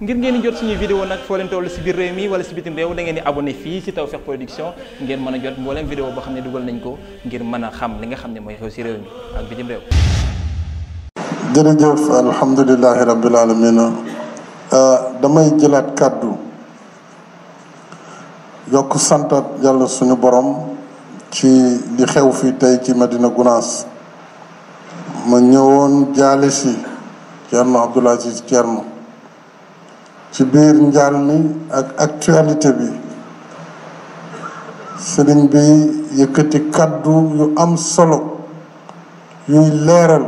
ngir ngeen di jot suñuy vidéo nag foo leen toll si biir réew mi wala si bitim réew da ngeen di abonné fii si Tawfekh Production ngeen mën a jot mbooleem vidéo boo xam ne dugal nañ ko ngir mën a xam li nga xam ne mooy xew si réew mi ak bitim réew jërëjëf alhamdulilahi euh, damay jëlaat kàddu yokk santat yàlla suñu boroom ci di xew fii tey ci Medina Gounass ma ñëwoon jaale si Thierno Aziz Thierno ci biir njaal mi ak actualité bi sëriñ bi yëkkati kàddu yu am solo yuy leeral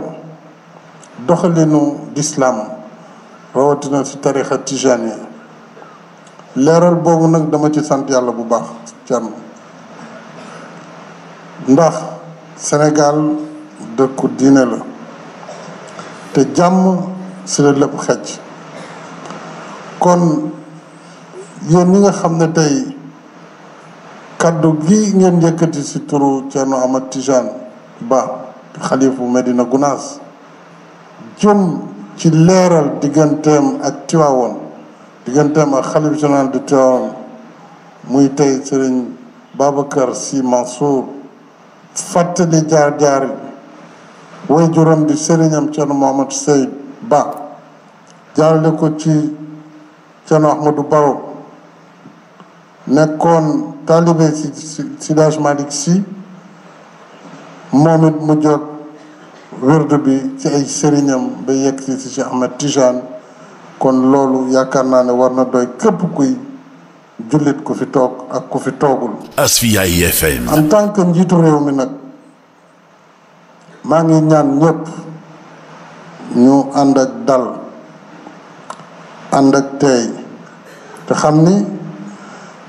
doxalinu lislaam rawatina ci tarixa tijaaniya leeral boobu nag dama ci sant yàlla bu baax càmm ndax senegal dëkku diine la te jàmm si la lépp xecc kon yéen ñi nga xam ne tey kaddu gi ngeen yëkkati si turu Thierno Amath Tidiane Ba xalifu Medina Gounass jëm ci leeral digganteem ak Tiwaawoon digganteem ak xalif général de Tiwaawoon muy tey sëriñ Babacar Sy Mansour fàttali jaar-jaar way juróom di sëriñam Thierno Mohamed Seyd Ba jaarale ko ci Cerno Ahmadou Baro nekkoon taalibe si Seydi Hadji Malick moom it mu jot wérdu bi ci ay sëriñam ba yegg ci si Cheikh Ahmed Tijane kon loolu yaakaar naa ne war na doy képp kuy jullit ku fi toog ak ku fi toogul. Asfiyahi FM. en tant que njiitu réew mi nag maa ngi ñaan ñëpp ñu ànd ak dal. ànd ak teey te xam ni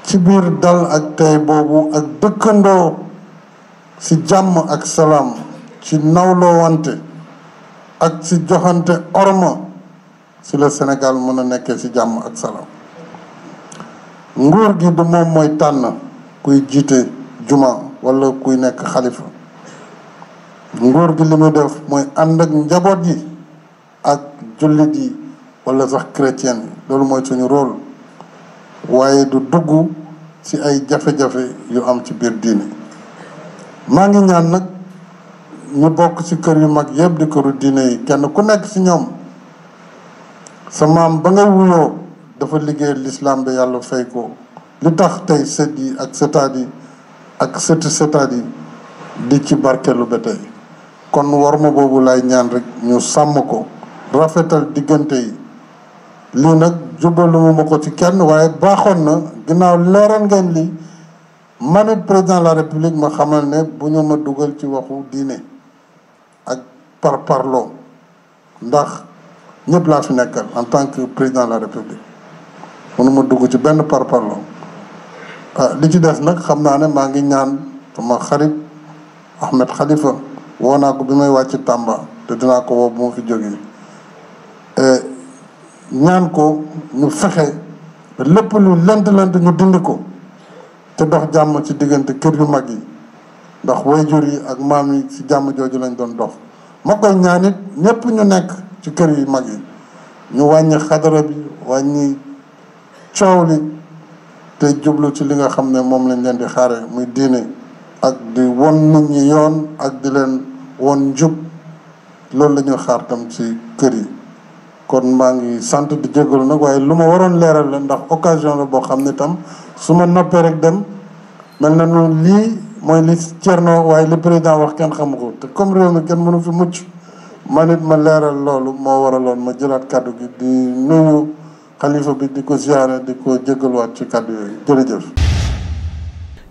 ci biir dal ak teey boobu ak dëkkandoo ci jàmm ak salaam ci nawlowante ak ci joxante orma ci la Sénégal mën a nekkee ci jàmm ak salaam nguur gi du moom mooy tànn kuy jiite juma walla kuy nekk xalifa nguur gi li muy def mooy ànd ak njaboot yi ak jullit yi wala sax chrétienne loolu mooy suñu rôle waaye du dugg ci ay jafe-jafe yu am ci biir diine maa ngi ñaan nag ñu bokk ci kër yu mag yëpp di këru diine yi kenn ku nekk ci ñoom sa maam ba ngay wuyoo dafa liggéey lislaam bi yàlla fay ko li tax tey set yi ak sëtaat yi ak sëti sëtaat yi di ci barkeelu ba tey kon war ma boobu lay ñaan rek ñu sàmm ko rafetal diggante yi lii nag jubbalu ma ko ci kenn waaye baaxoon na ginnaaw leeral ngeen lii man it président la république ma xamal ne bu ñu ma dugal ci waxu diine ak par parloo ndax ñëpp laa fi nekkal en tant que président de la république mënu ma dugg ci benn par parloo ah, li ci des nag xam naa ne maa ngi ñaan sama xarit Ahmed Khalifa woo naa ko bi may wàcc Tamba te dinaa ko woo bu ma fi jógee. ñaan ko ñu fexe ba lépp lu lent lent ñu dindi ko te dox jàmm ci diggante kër yu mag yi ndax jur yi ak maam yi ci jàmm jooju lañ doon dox ma koy ñaan it ñépp ñu nekk ci kër yu mag yi ñu wàññi xadara bi wàññi coow li te jublu ci li nga xam ne moom lañ leen di xaare muy diine ak di won nit ñi yoon ak di leen won njub loolu la ñuy xaar tam ci kër yi kon maa ngi sant di jégalu nag waaye lu ma waroon leeral la ndax occasion la boo xam ne tam su ma noppee rek dem mel na noonu lii mooy li Thierno waaye li président wax kenn xamu ko te comme réew mi kenn mënu fi mucc man it ma leeral loolu moo waraloon ma jëlaat kàddu gi di nuyu xalifa bi di ko ziyaare di ko jégaluwaat ci kàddu yooyu jërëjëf.